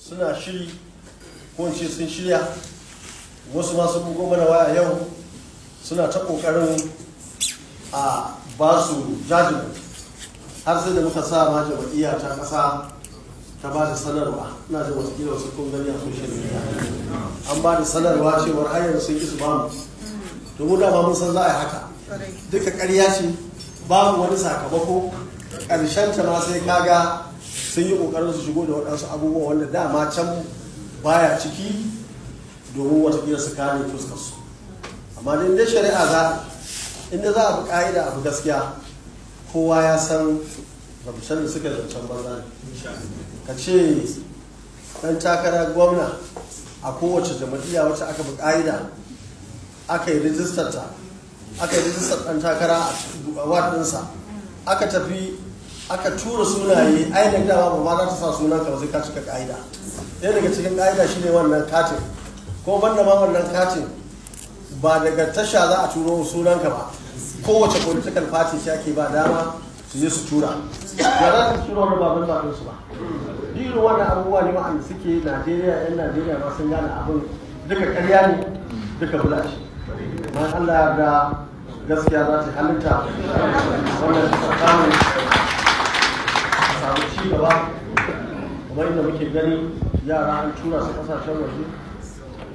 suna shiri ko ce sun shirya wasu masu bugo mana waya yau suna ta kokarin a ba su har sai da muka sa ma jama'iyya ta kasa ta ba da sanarwa ina da wasu wasu kun gani a social media an ba da sanarwa cewar hanyar sun isu ba mu dama mun san za a yi haka duka karya ce babu wani sakamako karshen ta ma sai kaga sun yi kokarin su shigo da waɗansu abubuwa wanda dama can baya ciki domin watakila su kare fuskarsu amma da inda shari'a za inda za a fi ka'ida abu gaskiya kowa ya san zancen da suka zancen banza ne ka ce ɗan takara gwamna a kowace jam'iyya wacce aka fi ka'ida aka yi rijistar ta aka yi rijistar ɗan takara a waɗansa aka tafi aka tura sunaye ainihin dama ba ma za ta sa suna ka zai sai ka cika ka'ida ɗaya daga cikin ka'ida shine wannan katin ko banda ma wannan katin ba daga tasha za a turo sunan ka ba kowace political party shi ake ba dama su je su tura ba za su tura wani babban babin su ba biyu wannan abubuwa ne wa'anda suke najeriya yan najeriya ma sun gane abin duka karya ne duka bulashi ma Allah da gaskiya za ta halitta wannan tsakanin gaba kamar yadda muke gani yara an tura su kasashen waje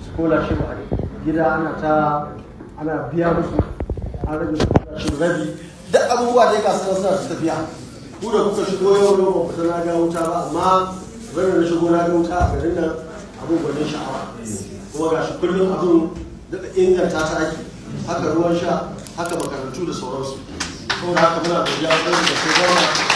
scholarship a gida ana ta ana biya musu an rage scholarship rabi da abubuwa da ya suna suna su tafiya ku da kuka shigo yau da ba kusa na ga wuta ba amma zan na shigo na ga wuta a garin nan abin gwanin sha'awa kuma ga shi kullum abin daga inganta ta ake haka ruwan sha haka makarantu da sauransu saboda haka muna da ya da sai